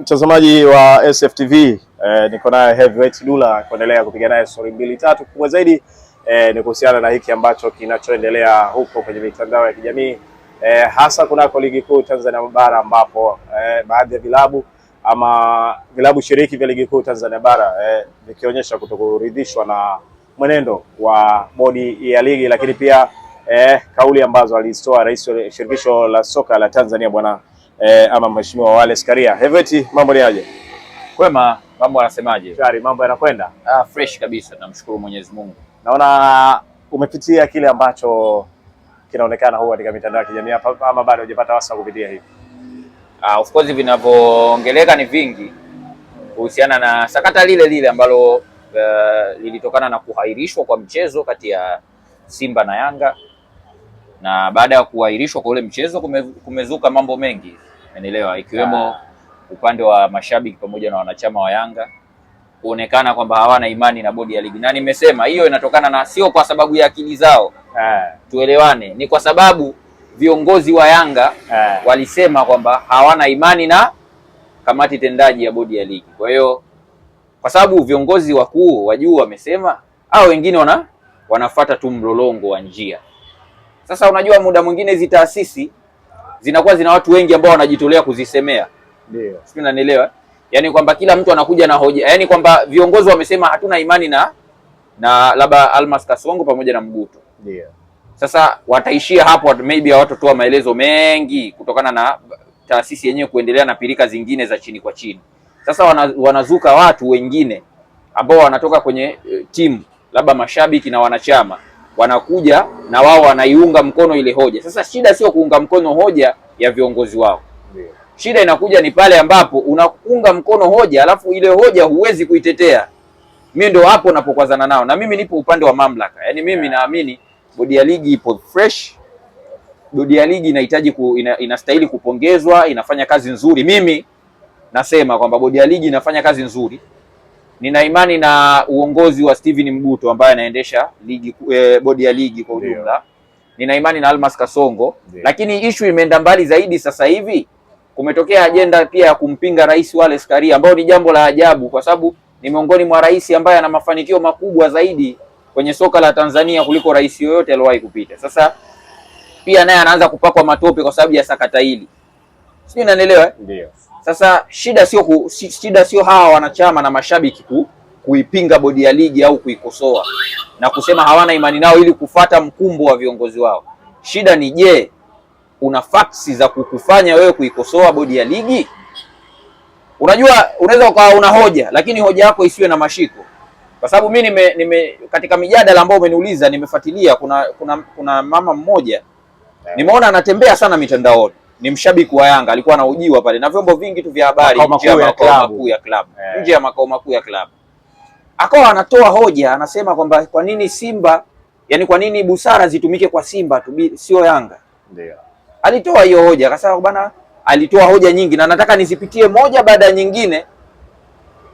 Mtazamaji wa SFTV eh, niko naye Heavyweight Dulla kuendelea kupiga naye stori mbili tatu. Kubwa zaidi eh, ni kuhusiana na hiki ambacho kinachoendelea huko kwenye mitandao ya kijamii eh, hasa kunako ligi kuu Tanzania bara ambapo eh, baadhi ya vilabu ama vilabu shiriki vya ligi kuu Tanzania bara eh, vikionyesha kutokuridhishwa na mwenendo wa bodi ya ligi, lakini pia eh, kauli ambazo alizitoa rais wa shirikisho la soka la Tanzania bwana eh, ama mheshimiwa Wallace Karia. Heavyweight, mambo ni aje? Kwema, mambo anasemaje? Shari, mambo yanakwenda? Ah, fresh kabisa, namshukuru Mwenyezi Mungu. Naona umepitia kile ambacho kinaonekana huwa katika mitandao ya kijamii hapa ama bado hujapata wasa kupitia hivi? Ah, of course vinavyoongeleka ni vingi kuhusiana na sakata lile lile ambalo uh, lilitokana na kuhairishwa kwa mchezo kati ya Simba na Yanga na baada ya kuahirishwa kwa ule mchezo kume, kumezuka mambo mengi umeelewa, ikiwemo ah. upande wa mashabiki pamoja na wanachama wa Yanga kuonekana kwamba hawana imani na bodi ya ligi, na nimesema hiyo inatokana na sio kwa sababu ya akili zao ha. Ah. Tuelewane, ni kwa sababu viongozi wa Yanga ha. Ah. walisema kwamba hawana imani na kamati tendaji ya bodi ya ligi. Kwa hiyo kwa sababu viongozi wakuu wa juu wamesema, au wengine wana wanafuata tu mlolongo wa njia sasa unajua muda mwingine hizi taasisi zinakuwa zina watu wengi ambao wanajitolea kuzisemea, ndio sio, unanielewa? Yaani kwamba kila mtu anakuja na hoja, yaani kwamba viongozi wamesema hatuna imani na na labda Almas Kasongo pamoja na Mguto, ndio sasa wataishia hapo, maybe hawatotoa maelezo mengi kutokana na taasisi yenyewe kuendelea na pirika zingine za chini kwa chini. Sasa wana, wanazuka watu wengine ambao wanatoka kwenye eh, timu labda mashabiki na wanachama wanakuja na wao wanaiunga mkono ile hoja. Sasa shida sio kuunga mkono hoja ya viongozi wao yeah. Shida inakuja ni pale ambapo unaunga mkono hoja alafu ile hoja huwezi kuitetea. Mimi ndo hapo napokwazana nao, na mimi nipo upande wa mamlaka, yaani mimi yeah. Naamini bodi ya ligi ipo fresh, bodi ya ligi inahitaji ku, ina, inastahili kupongezwa, inafanya kazi nzuri. Mimi nasema kwamba bodi ya ligi inafanya kazi nzuri nina imani na uongozi wa Steven Mguto ambaye anaendesha ligi e, bodi ya ligi kwa ujumla. Nina imani na Almas Kasongo Dio. Lakini ishu imeenda mbali zaidi sasa hivi kumetokea ajenda pia ya kumpinga Rais Wallace Karia ambayo ni jambo la ajabu kwa sababu ni miongoni mwa rais ambaye ana mafanikio makubwa zaidi kwenye soka la Tanzania kuliko rais yoyote aliyowahi kupita. Sasa pia naye anaanza kupakwa matope kwa sababu ya sakata hili, sijui unanielewa? Eh? Ndio. Sasa shida sio shida sio hawa wanachama na mashabiki ku, kuipinga bodi ya ligi au kuikosoa na kusema hawana imani nao ili kufata mkumbo wa viongozi wao. Shida ni je, una faksi za kukufanya wewe kuikosoa bodi ya ligi? Unajua, unaweza ukawa una hoja lakini hoja yako isiwe na mashiko, kwa sababu mi nime, nime katika mijadala ambayo umeniuliza nimefuatilia, kuna, kuna, kuna mama mmoja nimeona anatembea sana mitandaoni ni mshabiki wa Yanga, alikuwa anaujiwa pale na vyombo vingi tu vya habari nje ya makao makuu ya klabu, eh. nje ya makao makuu ya klabu. Akawa anatoa hoja, anasema kwamba kwa nini Simba, yani kwa nini busara zitumike kwa Simba tu, sio Yanga? Ndio alitoa hiyo hoja, akasema bwana, alitoa hoja nyingi na nataka nizipitie moja baada ya nyingine,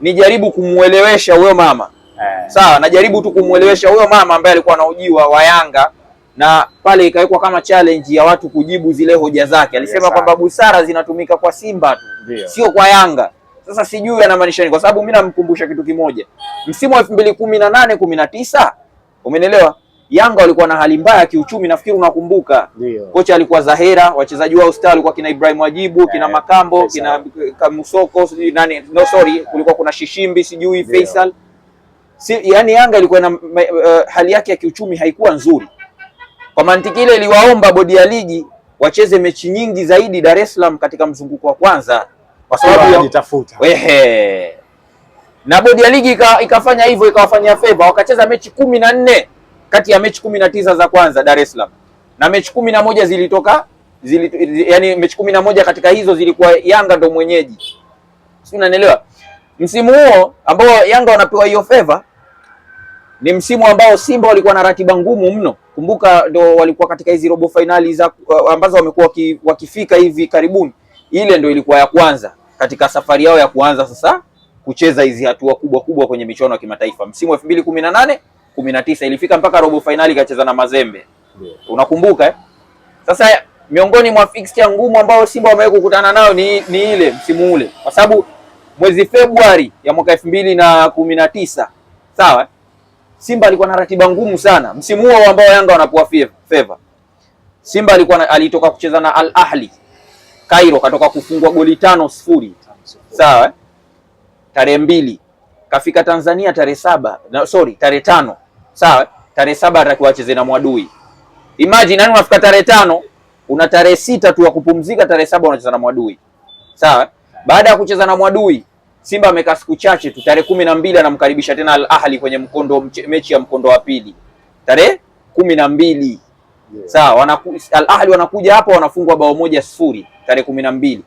nijaribu kumuelewesha huyo mama. Eh. Sawa, najaribu tu kumuelewesha huyo mama ambaye alikuwa anaujiwa wa Yanga na pale ikawekwa kama challenge ya watu kujibu zile hoja zake. Alisema yes, kwamba busara zinatumika kwa Simba tu sio kwa Yanga. Sasa sijui anamaanisha nini, kwa sababu mimi namkumbusha kitu kimoja, msimu wa elfu mbili kumi na nane kumi na tisa umenielewa, Yanga walikuwa na hali mbaya kiuchumi, nafikiri unakumbuka. Ndio. Kocha alikuwa Zahera, wachezaji wao star walikuwa kina Ibrahim Wajibu, kina Makambo, kina eh, Kamusoko, sijui nani, no sorry, kulikuwa kuna Shishimbi, sijui Faisal. Si, yani Yanga ilikuwa na uh, hali yake ya kiuchumi haikuwa nzuri kwa mantiki ile iliwaomba bodi ya ligi wacheze mechi nyingi zaidi Dar es Salaam katika mzunguko wa kwanza kwa sababu wanajitafuta. Wehe. Na bodi ya ligi ikafanya hivyo, ikawafanyia favor, wakacheza mechi kumi na nne kati ya mechi kumi na tisa za kwanza Dar es Salaam na mechi kumi na moja zilitoka zili, yani mechi kumi na moja katika hizo zilikuwa Yanga ndo mwenyeji, si unanielewa? Msimu huo ambao Yanga wanapewa hiyo favor ni msimu ambao Simba walikuwa na ratiba ngumu mno. Kumbuka ndo walikuwa katika hizi robo fainali za uh, ambazo wamekuwa wakifika hivi karibuni. Ile ndo ilikuwa ya kwanza katika safari yao ya kuanza sasa kucheza hizi hatua kubwa kubwa kwenye michuano ya kimataifa. Msimu 2018 19 ilifika mpaka robo fainali ikacheza na Mazembe. Yeah. Unakumbuka eh? Sasa miongoni mwa fixture ngumu ambayo Simba wamewahi kukutana nayo ni, ni ile msimu ule, kwa sababu mwezi Februari ya mwaka elfu mbili na kumi na tisa sawa Simba alikuwa na ratiba ngumu sana msimu huo ambao Yanga wanapoa feva Simba alikuwa alitoka kucheza na Al Ahli Cairo, katoka kufungwa goli tano sifuri sawa, eh? tarehe mbili kafika Tanzania tarehe saba na sorry, tarehe tano sawa, eh? tarehe saba atakiwa acheze na Mwadui. Imagine yani unafika tarehe tano una tarehe sita tu ya kupumzika, tarehe saba unacheza na Mwadui sawa. Eh? Baada ya kucheza na Mwadui Simba amekaa siku chache tu, tarehe kumi na mbili anamkaribisha tena Al Ahli kwenye mkondo mechi ya mkondo wa pili tarehe kumi na mbili yeah. Sawa, wanaku, Al Ahli wanakuja hapa wanafungwa bao moja sifuri tarehe kumi na mbili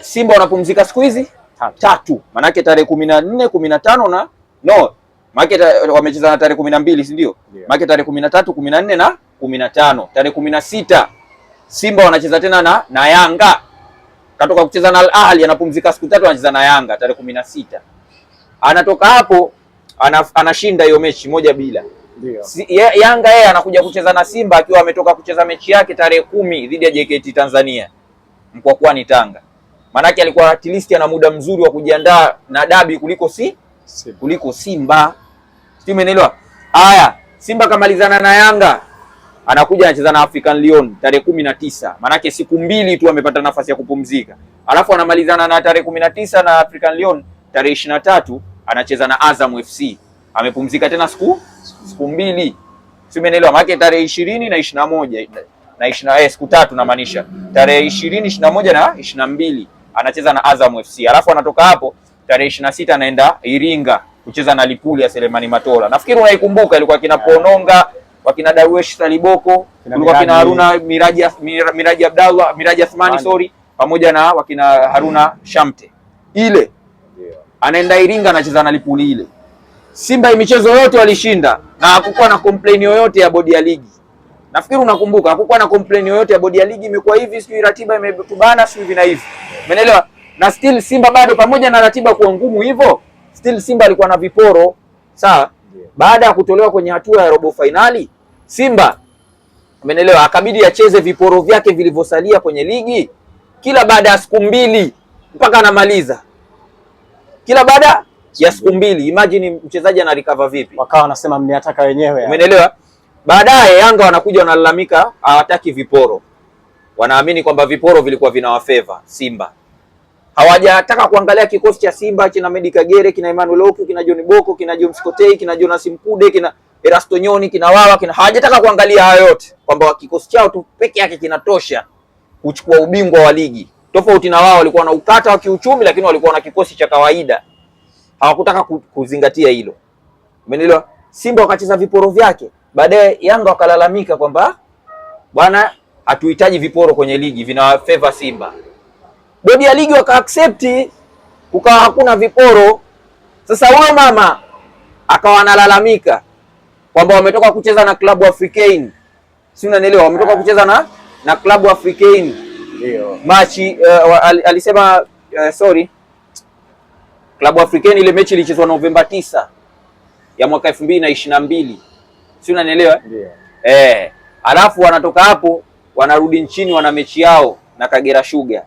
Simba wanapumzika siku hizi tatu, maanake tarehe kumi na nne kumi na tano na no wamecheza na tarehe kumi na mbili si ndio? Yeah. Maanake tarehe kumi na tatu kumi na nne na kumi na tano tarehe kumi na sita Simba wanacheza tena na, na Yanga katoka kucheza na Al Ahli, anapumzika siku tatu, anacheza na Yanga tarehe kumi na sita. Anatoka hapo anashinda hiyo mechi moja bila si, Yanga yeye anakuja kucheza na Simba akiwa ametoka kucheza mechi yake tarehe kumi dhidi ya JKT Tanzania Mkwakwani Tanga. Maanake alikuwa at least ana muda mzuri wa kujiandaa na dabi kuliko si kuliko Simba, sijui umeelewa? Haya, Simba kamalizana na Yanga anakuja anacheza na African Lyon tarehe kumi na tisa maanake siku mbili tu amepata nafasi ya kupumzika, alafu anamalizana na tarehe kumi na tisa na African Lyon tarehe ishirini na tatu anacheza na Azam FC, amepumzika tena siku siku mbili, si umeelewa? Maanake tarehe ishirini na ishirini na moja na ishirini eh, siku tatu namaanisha tarehe ishirini ishirini na moja na ishirini na mbili anacheza na Azam FC, alafu anatoka hapo tarehe ishirini na sita anaenda Iringa kucheza na Lipuli ya Selemani Matola. Nafikiri unaikumbuka, ilikuwa kina Pononga wakina Dawesh Saliboko, kulikuwa kina Haruna Miraji, Miraji Abdallah, Miraji Athmani sorry, pamoja na wakina Haruna Shamte ile yeah. Anaenda Iringa anacheza na Lipuli ile. Simba michezo yote walishinda na hakukuwa na complain yoyote ya bodi ya ligi. Nafikiri unakumbuka hakukuwa na complain yoyote ya bodi ya ligi, imekuwa hivi, sio, ratiba imetubana, sio hivi na hivi, umeelewa? Na still Simba bado pamoja na ratiba kuwa ngumu hivyo, still Simba alikuwa na viporo sawa, baada ya kutolewa kwenye hatua ya robo finali, Simba, umeelewa? Akabidi acheze viporo vyake vilivyosalia kwenye ligi kila baada ya siku mbili mpaka anamaliza, kila baada ya siku mbili. Imagine mchezaji ana recover vipi? Wakawa wanasema mmeataka wenyewe, umeelewa? Baadaye Yanga wanakuja wanalalamika, hawataki viporo, wanaamini kwamba viporo vilikuwa vinawafeva Simba hawajataka kuangalia kikosi cha Simba kina Medi Kagere, kina Emmanuel Oku, kina John Boko, kina John Skotei, kina Jonas Mkude, kina Erasto Nyoni, kina Wawa, kina hawajataka kuangalia hayo yote, kwamba kikosi chao tu peke yake kinatosha kuchukua ubingwa wa ligi, tofauti na wao walikuwa na ukata wa kiuchumi, lakini walikuwa na kikosi cha kawaida. Hawakutaka kuzingatia hilo, umeelewa? Simba wakacheza viporo vyake, baadaye Yanga wakalalamika kwamba bwana, hatuhitaji viporo kwenye ligi, vinawafeva Simba bodi ya ligi waka accept, hakuna viporo. Sasa huyo mama akawa analalamika kwamba wametoka kucheza na klabu Africain, si unanielewa, wametoka kucheza na na klabu Africain ndio machi uh, alisema uh, sorry klabu Africain, ile mechi ilichezwa Novemba 9 ya mwaka na mbili si unanielewa? Ndio eh, alafu wanatoka hapo wanarudi nchini, wana mechi yao na Kagera Sugar.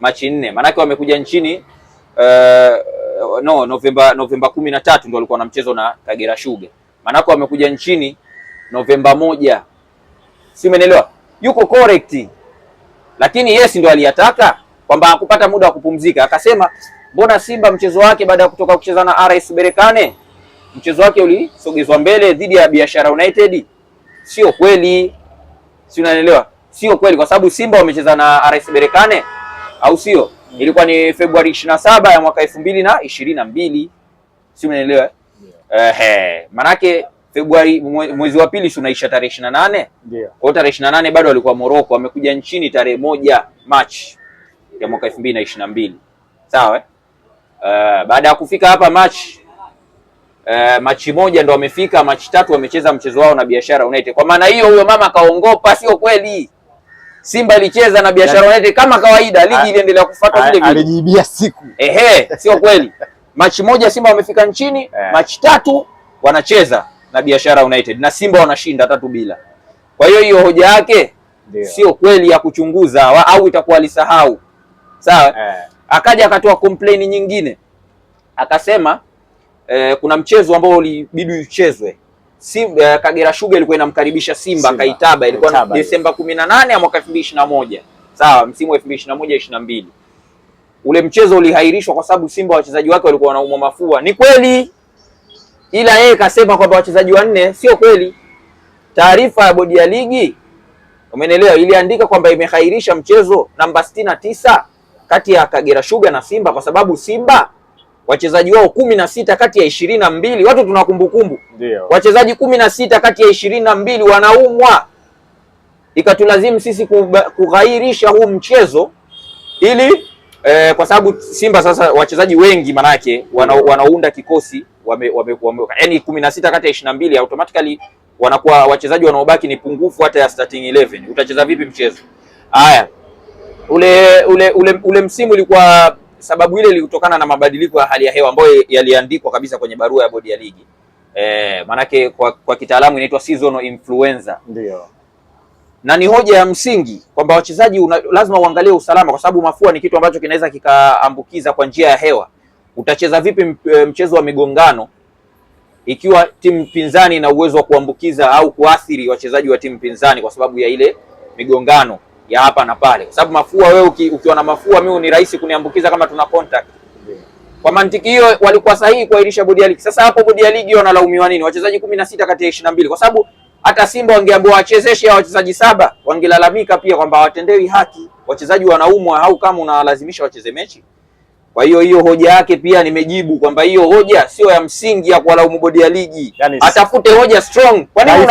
Machi nne, maanake wamekuja nchini uh, no Novemba Novemba kumi na tatu ndio walikuwa na mchezo na Kagera Sugar, maanake wamekuja nchini Novemba moja, si umeelewa? Yuko correct, lakini yes ndio aliyataka kwamba hakupata muda wa kupumzika, akasema mbona Simba mchezo wake baada ya kutoka kucheza na RS berekane mchezo wake ulisogezwa mbele dhidi ya Biashara United. Sio kweli, si unanielewa? Sio kweli kwa sababu Simba wamecheza na RS berekane au sio? Mm. Ilikuwa ni Februari ishirini na saba ya mwaka elfu mbili na ishirini na mbili si eh? Yeah. manake Februari mwezi wa pili si unaisha tarehe ishirini na nane yeah. Kwa hiyo tarehe ishirini na nane bado alikuwa Morocco, amekuja nchini tarehe moja March ya mwaka elfu mbili na ishirini na mbili sawa eh? Uh, baada ya kufika hapa March Uh, eh, Machi moja ndo wamefika, Machi tatu wamecheza mchezo wao na Biashara United. Kwa maana hiyo huyo mama kaongopa, sio kweli. Simba ilicheza na Biashara yaani- United kama kawaida, ligi iliendelea kufuata vile vile. Alijibia siku. Ehe, sio kweli. Machi moja Simba wamefika nchini, eh. machi tatu wanacheza na Biashara United na Simba wanashinda tatu bila. Kwa hiyo hiyo hoja yake sio kweli ya kuchunguza wa au itakuwa alisahau. Sawa? Eh. Akaja akatoa complain nyingine. Akasema eh, kuna mchezo ambao ulibidi uchezwe Simba, eh, Kagera Sugar ilikuwa inamkaribisha Simba, Simba Kaitaba ilikuwa Desemba 18 ya mwaka 2021, sawa, msimu wa 2021 22. Ule mchezo ulihairishwa kwa sababu Simba wachezaji wake walikuwa wanaumwa mafua. Ni kweli, ila yeye kasema kwamba wachezaji wanne, sio kweli. Taarifa ya bodi ya ligi, umeelewa, iliandika kwamba imehairisha mchezo namba 69 kati ya Kagera Sugar na Simba kwa sababu Simba wachezaji wao kumi na sita kati ya ishirini na mbili watu tuna kumbukumbu, wachezaji kumi na sita kati ya ishirini na mbili wanaumwa, ikatulazimu sisi kughairisha huu mchezo ili eh, kwa sababu Simba sasa wachezaji wengi manake wana, wanaunda kikosi wame, wame, wame, yani kumi na sita kati ya ishirini na mbili automatically wanakuwa wachezaji wanaobaki ni pungufu hata ya starting 11. Utacheza vipi mchezo? Haya, ule ule ule, ule msimu ulikuwa sababu ile ilitokana na mabadiliko ya hali ya hewa ambayo yaliandikwa kabisa kwenye barua ya bodi ya ligi e, eh, maanake kwa, kwa kitaalamu inaitwa seasonal influenza ndio, na ni hoja ya msingi kwamba wachezaji lazima uangalie usalama, kwa sababu mafua ni kitu ambacho kinaweza kikaambukiza kwa njia ya hewa. Utacheza vipi eh, mchezo wa migongano ikiwa timu pinzani ina uwezo wa kuambukiza au kuathiri wachezaji wa timu pinzani kwa sababu ya ile migongano? ya hapa na pale, kwa sababu mafua, wewe ukiwa na mafua mimi ni rahisi kuniambukiza kama tuna contact. Kwa mantiki hiyo walikuwa sahihi kuahirisha bodi ya ligi. Sasa hapo bodi ya ligi wanalaumiwa nini? Wachezaji kumi na sita kati ya ishirini na mbili, kwa sababu hata Simba wangeambiwa wachezeshe hao wachezaji saba, wangelalamika pia kwamba hawatendewi haki, wachezaji wanaumwa, au kama unalazimisha wacheze mechi. Kwa hiyo hiyo hoja yake pia nimejibu kwamba hiyo hoja sio ya msingi ya kuwalaumu bodi ya ligi, atafute hoja strong. Kwa nini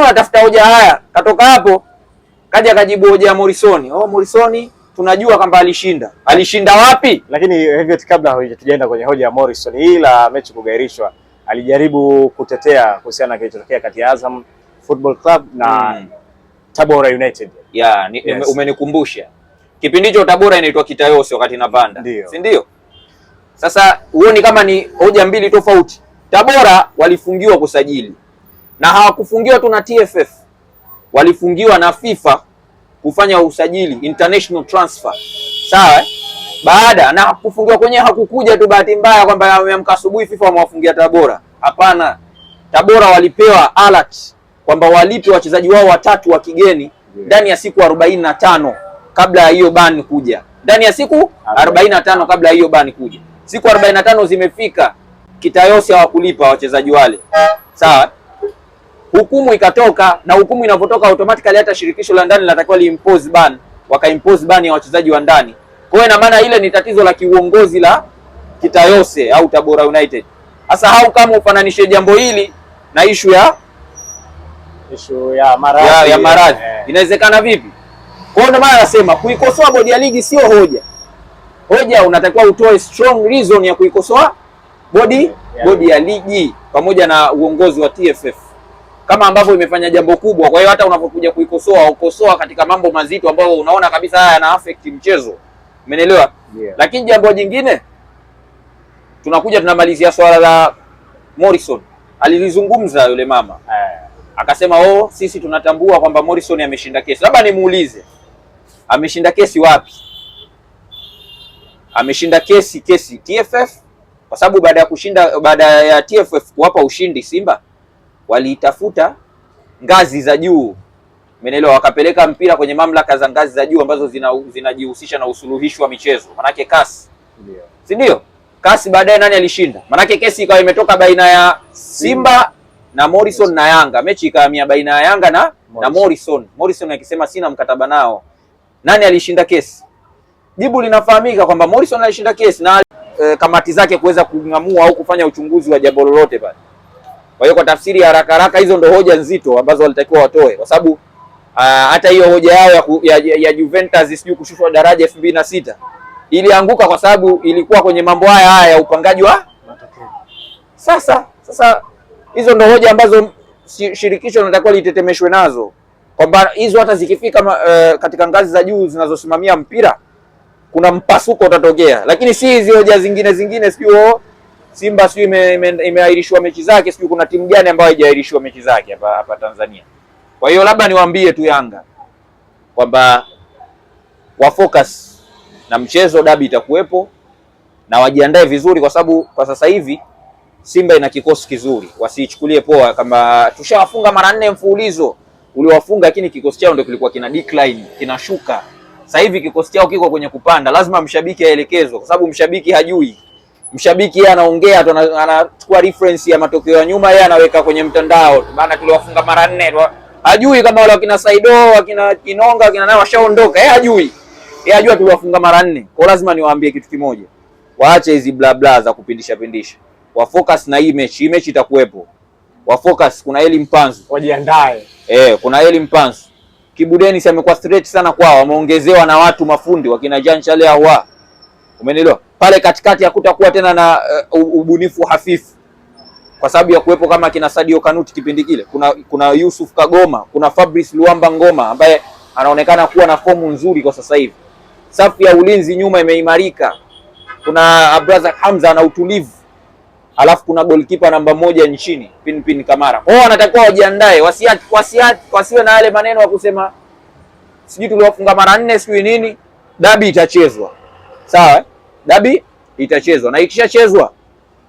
unatafuta hoja haya katoka hapo Kaja kajibu hoja Morrison. Oh, Morrison tunajua kwamba alishinda. Alishinda wapi? Lakini eh, hivyo kabla hatujaenda kwenye hoja ya Morrison hii la mechi kugairishwa, alijaribu kutetea kuhusiana na kilichotokea kati ya Azam Football Club na mm. Tabora United. Yeah, ni, yes. Umenikumbusha. Kipindi hicho Tabora inaitwa Kitayosi wakati Banda, Si ndio? Sasa huoni kama ni hoja mbili tofauti? Tabora walifungiwa kusajili na hawakufungiwa tu na TFF walifungiwa na FIFA kufanya usajili international transfer, sawa. Eh? Baada na kufungiwa kwenye hakukuja tu bahati mbaya kwamba ameamka asubuhi FIFA wamewafungia Tabora. Hapana, Tabora walipewa alert kwamba walipe wachezaji wao watatu wa kigeni ndani ya siku arobaini na tano kabla ya hiyo ban kuja, ndani ya siku arobaini na tano kabla ya hiyo ban kuja. Siku arobaini na tano zimefika, Kitayosi hawakulipa wachezaji wale, sawa hukumu ikatoka, na hukumu inavyotoka automatically hata shirikisho la ndani linatakiwa liimpose ban, wakaimpose ban ya wachezaji wa ndani. Kwa hiyo ina maana ile ni tatizo la kiuongozi la Kitayose au Tabora United. Sasa hau kama ufananishe jambo hili na ishu ya ishu ya maradhi ya, ya maradhi yeah. inawezekana vipi? Kwa hiyo ndio maana nasema kuikosoa bodi ya ligi sio hoja. Hoja unatakiwa utoe strong reason ya kuikosoa bodi bodi ya ligi pamoja na uongozi wa TFF kama ambavyo imefanya jambo kubwa. Kwa hiyo hata unapokuja kuikosoa ukosoa katika mambo mazito ambayo unaona kabisa haya yana affect mchezo, umeelewa? Yeah. Lakini jambo jingine tunakuja tunamalizia swala la Morrison, alilizungumza yule mama yeah. Akasema oh, sisi tunatambua kwamba Morrison ameshinda kesi. Labda nimuulize ameshinda kesi wapi? Ameshinda kesi kesi TFF, kwa sababu baada ya kushinda baada ya TFF kuwapa ushindi Simba waliitafuta ngazi za juu, umeelewa? Wakapeleka mpira kwenye mamlaka za ngazi za juu ambazo zinajihusisha zina na usuluhishi wa michezo, manake kasi yeah. si ndio? Kasi baadaye nani alishinda? Manake kesi ikawa imetoka baina ya Simba mm. na Morrison yes. na Yanga, mechi ikahamia baina ya Yanga na Morrison. na Morrison. Morrison akisema sina mkataba nao. Nani alishinda kesi? Jibu linafahamika kwamba Morrison alishinda kesi na e, kamati zake kuweza kung'amua au kufanya uchunguzi wa jambo lolote pale. Kwa hiyo kwa tafsiri ya haraka haraka, hizo ndo hoja nzito ambazo walitakiwa watoe, kwa sababu ah, hata hiyo hoja yao ya, ya, ya Juventus sijui kushushwa daraja elfu mbili na sita ilianguka kwa sababu ilikuwa kwenye mambo haya haya ya upangaji wa sasa. Sasa hizo ndo hoja ambazo shirikisho linatakiwa litetemeshwe nazo, kwamba hizo hata zikifika uh, katika ngazi za juu zinazosimamia mpira kuna mpasuko utatokea, lakini si hizi hoja zingine zingine sijui Simba sijui imeahirishwa ime, ime mechi zake, sijui kuna timu gani ambayo haijaahirishwa mechi zake hapa hapa Tanzania. Kwa hiyo labda niwaambie tu Yanga kwamba wa focus na mchezo, dabi itakuwepo na wajiandae vizuri, kwa sababu kwa sasa hivi Simba ina kikosi kizuri, wasiichukulie poa kama tushawafunga mara nne mfululizo uliwafunga, lakini kikosi chao ndio kilikuwa kina decline, kinashuka. Sasa hivi kikosi chao kiko kwenye kupanda, lazima mshabiki aelekezwe, kwa sababu mshabiki hajui mshabiki yeye anaongea tu, anachukua reference ya matokeo ya nyuma, yeye anaweka kwenye mtandao, maana tuliwafunga mara nne. Hajui kama wale wakina Saido, wakina Kinonga, wakina nao washaondoka, yeye hajui, yeye hajua tuliwafunga mara nne. Kwa lazima niwaambie kitu kimoja, waache hizi bla bla za kupindisha pindisha, wa focus na hii mechi. Hii mechi itakuwepo, wa focus. Kuna Eli Mpanzu, wajiandae. Eh, kuna Eli Mpanzu, Kibu Denis amekuwa straight sana kwao, wameongezewa na watu mafundi, wakina Jean Charles Ahoua Umenielewa? Pale katikati hakutakuwa tena na uh, ubunifu hafifu kwa sababu ya kuwepo kama kina Sadio Kanuti kipindi kile, kuna kuna Yusuf Kagoma, kuna Fabrice Luamba Ngoma ambaye anaonekana kuwa na fomu nzuri kwa sasa hivi. Safu ya ulinzi nyuma imeimarika, kuna Abraza Hamza ana utulivu, alafu kuna goalkeeper namba moja nchini Pinpin Kamara. Kwao wanatakiwa wajiandae, wasiwe na yale maneno ya kusema sijui tuliwafunga mara nne sijui nini. Dabi itachezwa sawa eh? dabi itachezwa, na ikishachezwa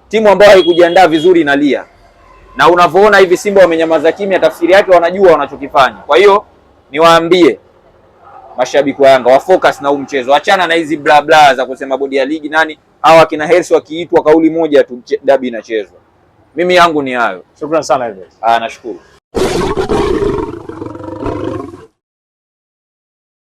timu ambayo haikujiandaa vizuri inalia, na unavyoona hivi Simba wamenyamaza kimya, tafsiri yake wanajua wanachokifanya. Kwa hiyo niwaambie mashabiki wa Yanga na huu mchezo, achana na hizi bla bla za kusema bodi ya ligi nani hawa akina Hersi wakiitwa kauli moja tu dabi inachezwa. Mimi yangu ni hayo. Shukrani sana. Ah, nashukuru.